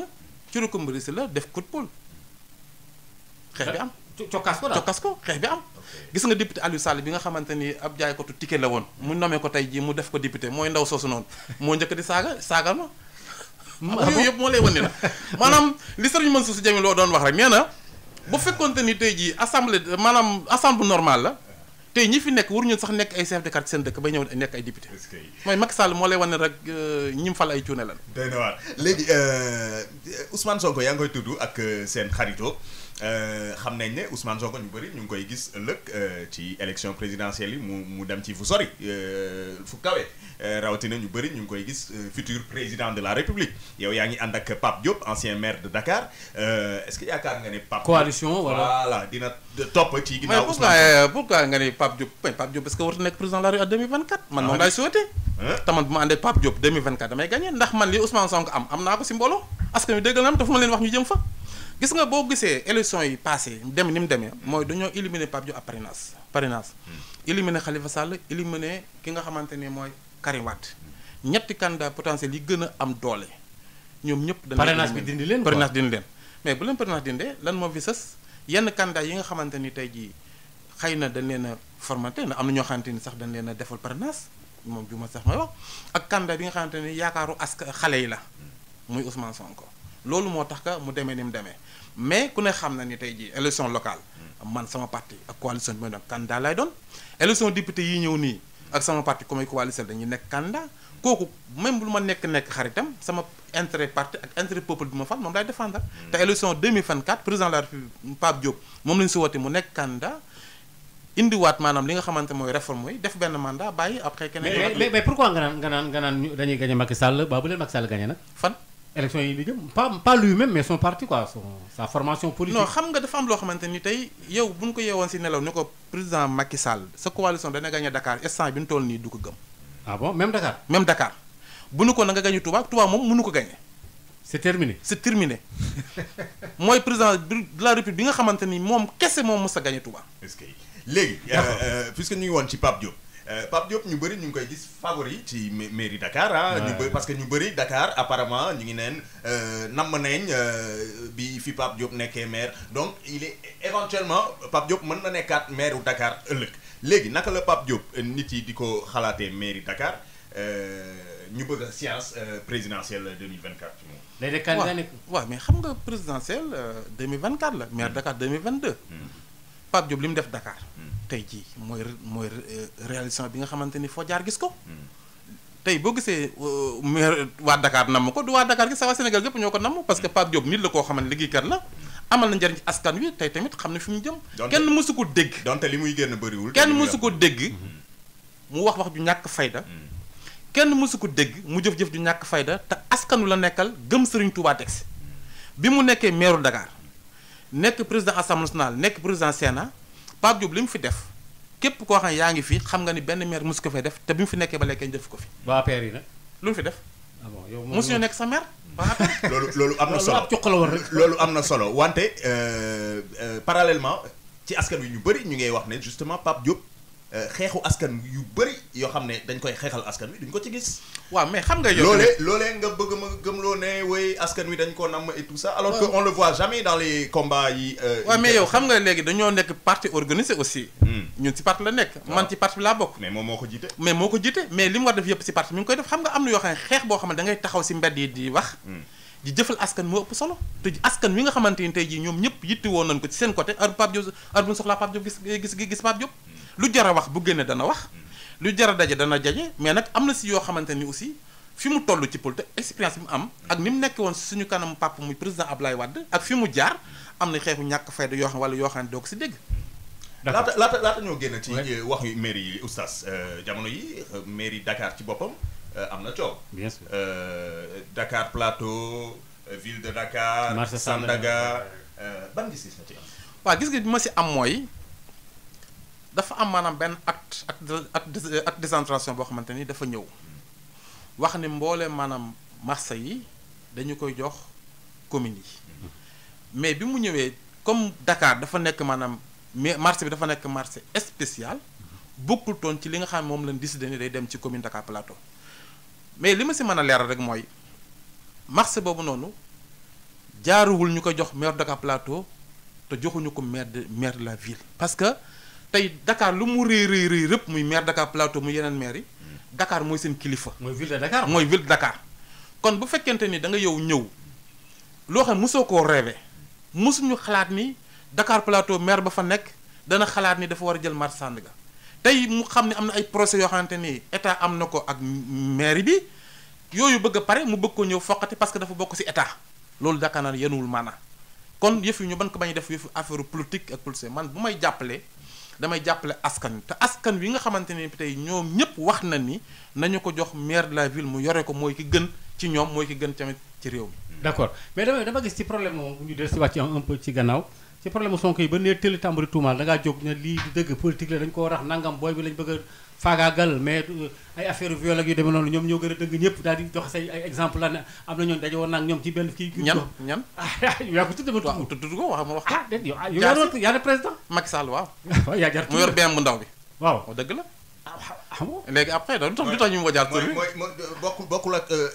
ci recombrisi la def coup de poule xeex bi am cokkaas ko daal cokkaas ko xeex bi am gis nga député Aliou Sall bi nga xamante ni ab jaay ko tu la woon mu nommé ko tey jii mu def ko député mooy ndaw soosu noonu moo njëkk di saaga saagal ma yooyu yëpp moo lay wane la maanaam li sëriñ Mansour Sy Djamil loo doon wax rek nee na bu fekkonte ni tey jii assemblée maanaam assemblée normale la tey ñi fi nekk waruñu sax nekk ay chef de quartier seen dëkk bay ñëw nekk ay député. mooy Macky Sall moo lay wan ne rek euh, ñim fal ay cuune lan. doy na waar léegi euh, Ousmane Sonko yaa ngi koy tudd ak euh, seen xarito. Euh, xam nañ ne Ousmane Sonko ñu bëri ñu ngi koy gis ëllëg euh, ci élection présidentielle yi mu mu dem ci fu sori euh, fu kawe rawatina ñu bëri ñu ngi koy gis futur président de la république yow yaa ngi ànd ak Pape Diop ancien maire de Dakar est-ce que yaakaar nga ne Pape. coalition voilà dina topp ci ginnaaw Ousmane mais pourquoi pourquoi nga ne que warut nekk président de la République en 2024. man moom ah, laay souhaité. te bu ma àndee Pape Diop 2024 damay gagné ndax man li gis nga boo gisee élection yi passé dem ni mu demee mooy dañoo éliminer Pape Diop ak parrainage parrainage hmm. éliminer Khalifa Sall éliminer ki nga xamante ne mooy Karim hmm. ñetti candidat potentiel yi gën a am doole ñoom ñëpp dañu parrainage bi dindi leen parrainage dindi leen mais bu leen parrainage dindee lan moo fi sës yenn candidat yi nga xamante ni tey jii xëy na dañ leen a formaté na am na ñoo xamante ni sax dañ leen a defal parrainage moom ju sax may wax ak candidat bi nga xamante ni yaakaaru ask xale yi la hmm. muy Ousmane Sonko loolu moo tax ka mu demee ni mu demee mais ku ne xam na ni tey jii élection locale man sama parti ak coalition bi may doon candidat lay doon élection député yi ñëw nii ak sama parti ku may coalition dañuy nekk candidat kooku même lu ma nekk nekk xaritam sama intérêt parti ak intérêt peuple bi ma fal moom lay défendre hmm. te élection 2024 président de la république Pape Diop moom la si woote mu nekk candidat indiwaat maanaam li nga xamante mooy réforme mooy def benn mandat bàyyi après. keneen mais mais nga naan nga naan nga naan Sall ba bu leen Macky Sall fan. élections yi di jëm pas pas lui-même mais son parti quoi son sa formation politique. non xam nga dafa am loo xamante ni tey yow bu ñu ko yeewoon si nelaw ni ko président Macky Sall sa coalition dana gagné Dakar instant bi ñu toll nii du ko gëm. ah bon même Dakar. même Dakar bu ñu ko na nga gagné Touba Touba moom mënu ko gagné. c'est terminé c'est terminé mooy président de la république bi nga xamante ni moom kese moom mës sa gagné Touba. est léegi. Euh, euh, puisque ñu nuy woon ci Pape Diop. Euh, Pape Diop ñu bëri ñu ngi koy gis favori ci mairie Dakar ah. ñu bëri parce que ñu bëri Dakar apparemment ñu ngi neen euh, namm nañ euh, bi fi Pape Diop nekkee maire donc il est éventuellement Pape Diop mën na nekkaat maire u Dakar ëllëg léegi naka la Pape Diop nit yi di ko xalaatee mairie Dakar ñu bëgg a séance présidentielle 2024 ci moom. léegi candidat nekk waaw mais xam nga présidentielle 2024 la maire hmm. Dakar 2022. Hmm. Pape job li mu def Dakar. Hmm. tey jii mooy mooy euh, réalisation bi nga xamante ni foo jaar gis ko. Hmm. tey boo gisee euh, maire waa Dakar namm ko du waa Dakar gi sa waa Sénégal yëpp ñoo ko namm parce que hmm. Pape Diop nit la koo xam ne liggéeykat la. Hmm. amal na njëriñ ci askan wi tey tamit xam ne fi mu jëm. kenn mosu ko dégg. donte li muy génn bëriwul. kenn mësu ko dégg mu wax wax ju ñàkk fayda. kenn mësu ko dégg mu jëf-jëf ju ñàkk fayda te askanu la nekkal gëm Serigne Touba teg si bi mu nekkee maire Dakar nekk président assemblée nationale nekk président Sénat Pape Diop li mu fi def képp koo wax ne yaa ngi fi xam nga ni benn maire mosu ko fay def te bi mu fi nekkee ba léegi kenn def ko fi. waa yi nag. lu mu fi def. ah bon yow mosu ñu nekk sa maire. loolu loolu am na solo loolu am na solo wante euh, euh, parallèlement ci askan wi ñu bëri ñu ngay wax ne justement Pape Diop. Euh, xeexu askan yu bëri yoo xam ne dañ koy xeexal askan wi duñ ko ci gis. waaw mais xam nga yow. loolee loolee nga bëgg ma gëmloo ne wey askan wi dañ koo namm et tout ça. alors ouais. que on le voit euh, léegi dañoo nekk parti organisé aussi. Hmm. ñun si parti la nekk. man ci parti moo ko jiite. mais moo ko jiite mais li mu war def yëpp xam nga am na yoo xam ne xeex boo xam ne da taxaw si mbedd yi di wax. Hmm. di jëfal askan moo ëpp solo te askan wi nga xamante ni tey ji ñoom ñëpp yitti woon nañ ko ci seen côté ar Pape Diop ar bu soxlaa Pape Diop gis gis gis Pape Diop hmm. lu jar a wax bu génne dana wax lu jar a daje dana jaje mais nag am na si yoo xamante ni aussi fi mu toll ci politique expérience bi mu am ak ni mu nekk woon suñu kanam papa muy président Ablaye Wade ak fi mu jaar am na xeexu ñàkk fayda yoo xam wala yoo xam ne doo si dégg laata laata laata ñoo génn ci wax yu mairie yi oustaz euh, jamono yi euh, mairie ci boppam euh, am na coow bien sûr Dakar Plateau de Dakar Sandaga ban gis-gis ma si am mooy dafa am maanaam benn acte acte de acte de boo xamante ni dafa ñëw wax ni mboolee maanaam marché yi dañu koy jox communes yi mais bi mu ñëwee comme Dakar dafa nekk maanaam mais marché bi dafa nekk marché spécial bokkul toon ci li nga xam moom lañ décidé ni day dem ci commune Dakar Plateau mais li ma si mën a leeral rek mooy marché boobu noonu jaaruwul ñu ko jox maire Dakar Plateau te joxuñu ko maire de maire de la ville tey dakaar lu mu rëy rëy rëy rëpp muy maire Dakar Plateau mu yeneen maire dakaar mooy seen kilifa. mooy ville de mooy ville de kon bu fekkente ni da nga yow ñëw loo xam mosoo koo rêvé mosuñu xalaat ni Dakar Plateau maire ba fa nekk dana xalaat ni dafa war a jël marché Sandaga tey mu xam ne am na ay procès yoo xamante ni état am na ko ak maire bi yooyu bëgg a pare mu bëgg ko ñëw foqati parce que dafa bokk ci état loolu Dakar na yenuwul maanaam kon yëf yu ñu ban ko bañ def yëfu affaire politique ak politique man bu may jàppale. damay jàppale askan te askan wi nga xamante ne tey ñoom ñëpp wax na ni nañu ko jox maire de la ville mu yore ko mooy ki gën ci ñoom mooy ki gën tamit ci réew mi. d'accord mais dama dama gis ci problème moom ñu del si wàcc un peu ci gannaaw ci problème mu Sonko yi ba nee tëll tàmbali tuumaal da ngaa jóg ne lii du dëgg politique la dañu ko rax nangam booy bi lañ bëgg a faagaagal mais euh, ay affaire viol ak yu demee noonu ñoom ñoo gën a dëgg ñëpp daal di jox say ay exemple la ne am na ñooñu daje woon naa ak ñoom ci benn kii. ñan ñan ah, yaa ko tudd ma tudd. ko wax ma wax. ah déedéet ah, yaa ne président. Macky Sall waaw. yaa jar mu yor benn bu ndaw bi. waaw oh, dëgg la. léegi après dañu tax du tax ñu mën a jàpp mooy mooy bokkul euh, euh,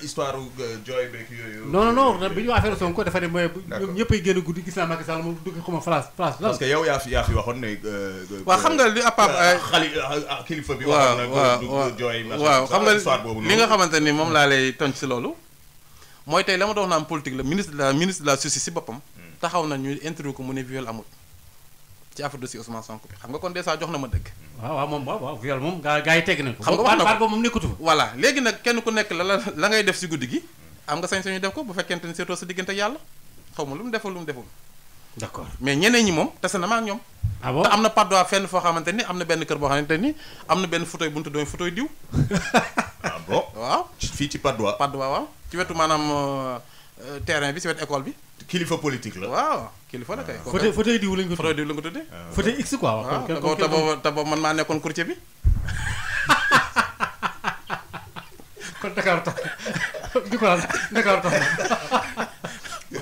bi ñu wax affaire Sonko dafa ne mooy. d' génn guddi gis naa Macky Sall mu dugg xuma France France. parce que yaa yaa fi waxoon ne. Euh, waaw xam nga li appaab xali kilifa bi. waaw waaw li nga xamante ni moom laa lay tonc si loolu. mooy tey la ma doon naan politique la ministre de la ministre la justice si boppam. Hmm. taxaw na ñu interview ko mu ne viol amul. ci affaire dossier Ousmane Sonko bi xam nga kon dèjà jox na ma dëgg. waaw waaw moom waaw waaw viol moom gaa gaa yi tegg nañ ko. xam nga wax na ko moom nekkatu fa. voilà léegi nag kenn ku nekk la la la ngay def si guddi gi am nga sañ-sañu def ko bu fekkente ni seetoo sa diggante ak yàlla xaw ma lu mu deful lu mu deful. d'accord mais ñeneen ñi moom tase na ma ak ñoom. ah bon te am na pardois fenn foo xamante ni am na benn kër boo xamante ni am na benn fauteuil bu ñu tuddee fauteuil diw. ah fii ci pardois. pardois waaw ci wetu maanaam euh, euh, terrain bi ci école bi kilifa politique la. waaw kilifa la kay. Ah. fauteuil fauteuil diw lañ diw lañ ko tuddee. fauteuil x quoi. waaw te boobu te boobu man maa nekkoon bi. kon Dakar tax di ko Dakar tax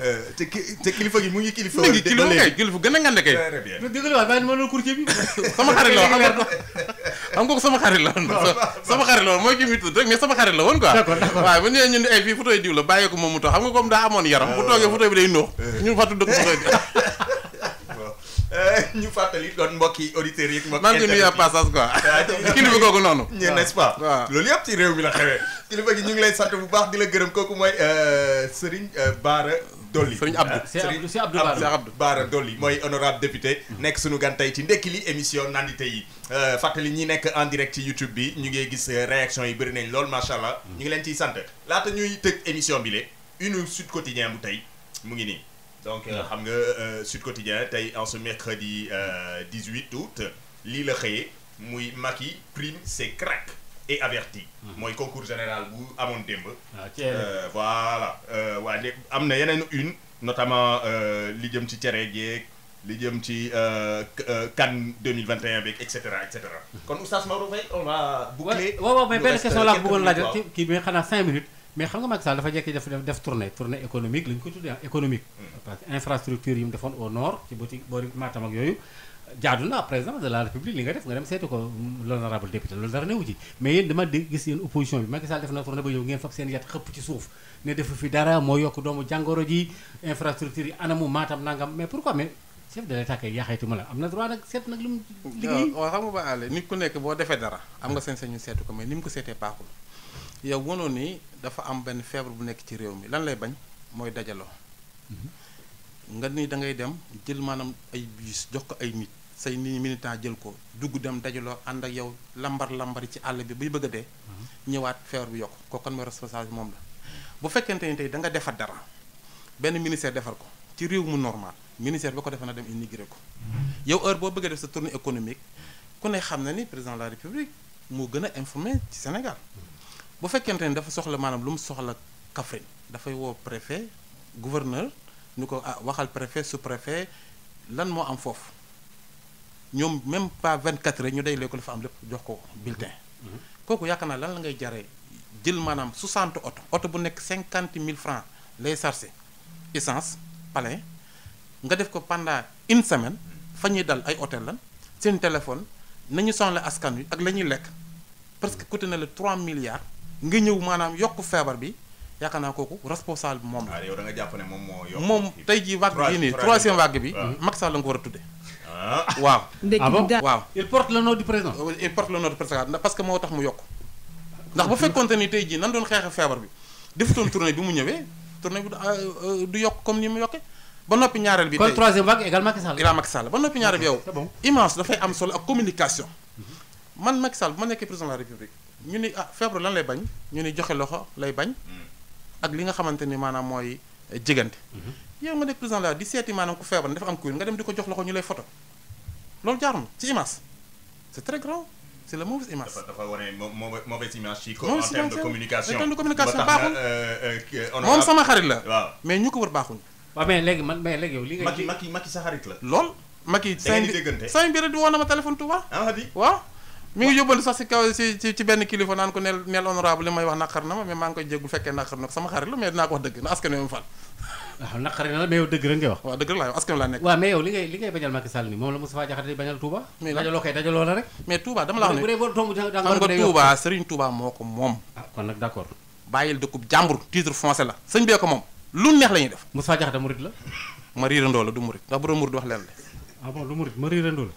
Euh, te te kilifa gi mu ngi kilifa. mi ngi kilifa kay kilifa gën a ngande kay. dégluwaat la woon xam nga sama xarit la woon. sama xarit la woon mooy ki muy tudd rek mais sama xarit la woon quoi. ñu nee ñun ay eh, fii photo yi. Ah, eh. eh, mbokki internet yi maa ngi kilifa noonu. waaw n'est-ce pas. waaw loolu yëpp ci réew la xewee. gi ñu ngi lay sant bu baax di la gërëm kooku mooy euh, Serigne euh, Bara Dolly sëriñ Abdou ah, sëriñ Abdou Abdou Bara Dolly mooy honorable député nekk suñu gan tey ci ndekki li émission nandite yi euh, fàttali ñi nekk en direct ci YouTube bi ñu ngi gis euh, réaction yi bëri nañ lool macha allah hmm. ñu ngi leen ciy sant laata ñuy tëj émission bi le une Sud Quotidien bu tey mu ngi nii donc euh, hmm. xam nga Sud Quotidien tey en ce mercredi 18 août lii la xëyee muy Macky prime ses cracks et averti. mooy concours général bu amoon démb. Ah, e. euh, voilà euh, waa léegi am na yeneen une notamment euh, li jëm ci cere yeeg li jëm ci CAN 2021 beeg et cetera et cetera. kon oustaz Maodo Faye on va boucler. waaw waaw mais benn question laa bëggoon laajal ci kii bi xanaa 5 minutes. mais xam nga Macky Sall dafa jekki def def tournée tournée économique la ñu ko tuddee économique. Hmm. infrastructure yi mu defoon au nord ci boutique boori Matam ak yooyu. jaadu na président de la république li nga def nga dem seeti ko l'honorable député loolu dara newu ci mais yéen dama dégg gis yéen opposition bi Macky def na tourné ne fi dara moo yokk doomu jàngoro ji infrastructure yi anamu maatam nangam mais pourquoi mais chef de l'état kay yaaxeetu na droit nag seet ba nekk boo defee dara am nga seen sañu seetu ko mais ni mu ko seetee baaxul yow wanoon ni dafa am benn feebar bu nekk ci réew mi lan lay bañ mooy dajaloo mhm. nga ni da ngay dem jël ay bus jox ko ay nit say nit ñi jël ko dugg dem dajaloo ànd ak yow lambar lambari ci àll bi buy bëgg de mhm. ñëwaat feebar bi yokk ko kon mooy responsable moom la. bu fekkente tey da nga defar dara benn ministère defar ko ci réew mu normal ministère ba ko defee na dem immigré ko. Mhm. yow heure boo bëggee def sa tournée économique ku ne xam na ni président de la république moo gën a informé ci Sénégal mhm. bu fekkente ni dafa soxla maanaam lu mu soxla Kaffrine dafay woo préfet gouverneur ñu ko ah waxal préfet sous préfet lan moo am foofu. ñoom même pas 24 heures ñu day ko fa am lépp jox ko bulletin. kooku yaakaar naa lan la ngay jaree jël maanaam 60 oto oto bu nekk cinquante mille francs lay chargé essence palin nga def ko pendant une semaine fa ñuy dal ay hôtel la seen téléphone nañu soxla askan wi ak la ñuy lekk parce que coûté na la 3 milliards nga ñëw maanaam yokk feebar bi yaakaar naa kooku responsable moom la. yow moom moo moom tey jii vague bii nii troisième vague bi Macky la nga ko Ah. waaw. ah waaw. il porte le nom du président. Euh, il porte le nom du président parce que moo tax mu yokk ndax bu ah. fekkonte ni tey jii nan doon xeexe feebar bi defutoon tournée bi mu ñëwee tournée bi du euh, euh, yokk comme ni mu yokkee ba noppi ñaareel bi. tey kon troisième vague égal Macky Sall. égal Macky Sall ba noppi ñaareel bi yow. image dafay am solo ak communication. Mm-hmm. man Macky Sall bu ma nekkee président de la république ñu ni ah feebar lan lay bañ ñu ni joxe loxo lay bañ. Mm. ak li nga xamante ni maanaam mooy jigante mm-hmm. yow nga nekk président la di seeti maanaam ku feebar dafa am kuréel nga dem di ko jox loxo ñu lay photo loolu jaarul la mauvaise image. dafa dafa wane mauvaise image ci en termes de communication baaxul euh, euh, euh, moom sama xarit la. mais ñu ko wër baaxuñu. mais léegi man mais léegi yow li nga. Macky Macky Macky sa xarit la. lool Macky. da ngeen di déggante saa di woo na ma téléphone Touba. ah di mi ngi yóbbal sax si kaw si ci benn kilifa naan ko neel neel honorable li may wax naqar na ma maa ngi koy jéggu fekkee naqar na ko sama xarit la mais dinaa ko ma ah, la mais yow dëgg rek ngay wax waaw dëgg rek la rek mais Touba dama la xam nga Touba Serigne Touba moo ko moom ah, kon nag d'accord bàyyil dëkkub jàmbur titre foncé la sëñ bee ko moom lu neex la ñuy def Moustapha Diakhaté murid la ma riirandoo la du murid ndax bu doon murid wax leen la ah bon lu murid ma riirandoo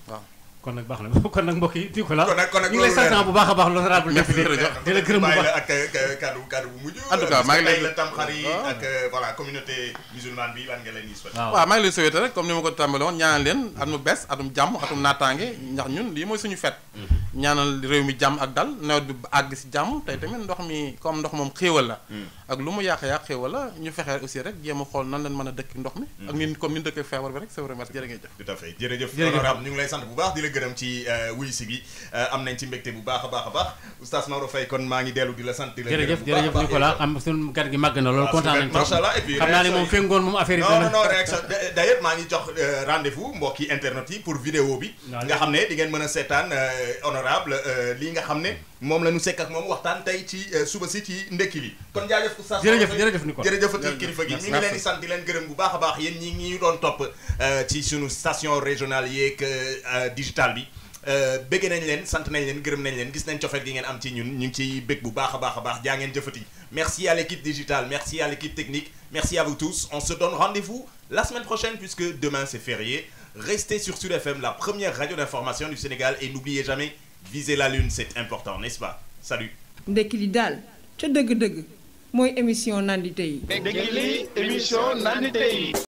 kon nag baax na kon nag mbokk yi la ñu ngi lay sant bu baax a baax l'honorable député di la gërëm bu baax bi lan nga leen di souhaité waaw rek comme ni ma ko tàmbale woon ñaanal leen at mu bees atum jàmm atum naataange ndax ñun lii mooy suñu fet mm-hmm. ñaanal réew mi jàmm ak dal nawet bi àgg si jàmm tey tamit ndox mi comme ndox moom xéewal la mm. ak lu mu yàq-yàqee wala ñu fexee aussi rek jéem a xool nan lañ mën a dëkk ndox mi ak nin mm-hmm. comme ni dëkk feebar bi rek c'est vraiment jërë ngeen baax di la euh, euh, a baax a baax oustaz Maodo Faye kon maa ngi dellu di la sant di la jërëjëf jërëjëf Nicolas am suñu gan gi màgg na loolu kontaan nañ macha xam naa ne moom fengoon moom affaire yi non non réaction d'ailleurs maa ngi jox euh, rendez-vous mbokki internet yi pour vidéo bi nga xam ne di ngeen mën a seetaan honorable lii nga xam ne moom la ñu sekk ak moom waxtaan tey ci euh, suba si ci ndekki li kon jaajëf oustaz jërëjëf jërëjëf ni kilifa gi ñu ngi leen di sant di leen gërëm bu baax a baax yéen ñi ngi ñu doon topp euh, ci sunu station régional yeeg euh, digital bi bëgg nañ leen sant nañ leen gërëm nañ leen gis nañ cofeel gi ngeen am ci ñun ñu ngi ciy bëgg bu baax a baax a baax jaa ngeen jëfati merci à l'équipe digitale merci à l'équipe technique merci à vous tous on se donne rendez-vous la semaine prochaine puisque demain c'est férié restez sur Sud la première radio d'information du Sénégal et n'oubliez jamais viser la lune c'est important n'est-ce pas salut. ndekki li daal ca dëgg-dëgg mooy émission nandite yi. ndekki li émission yi.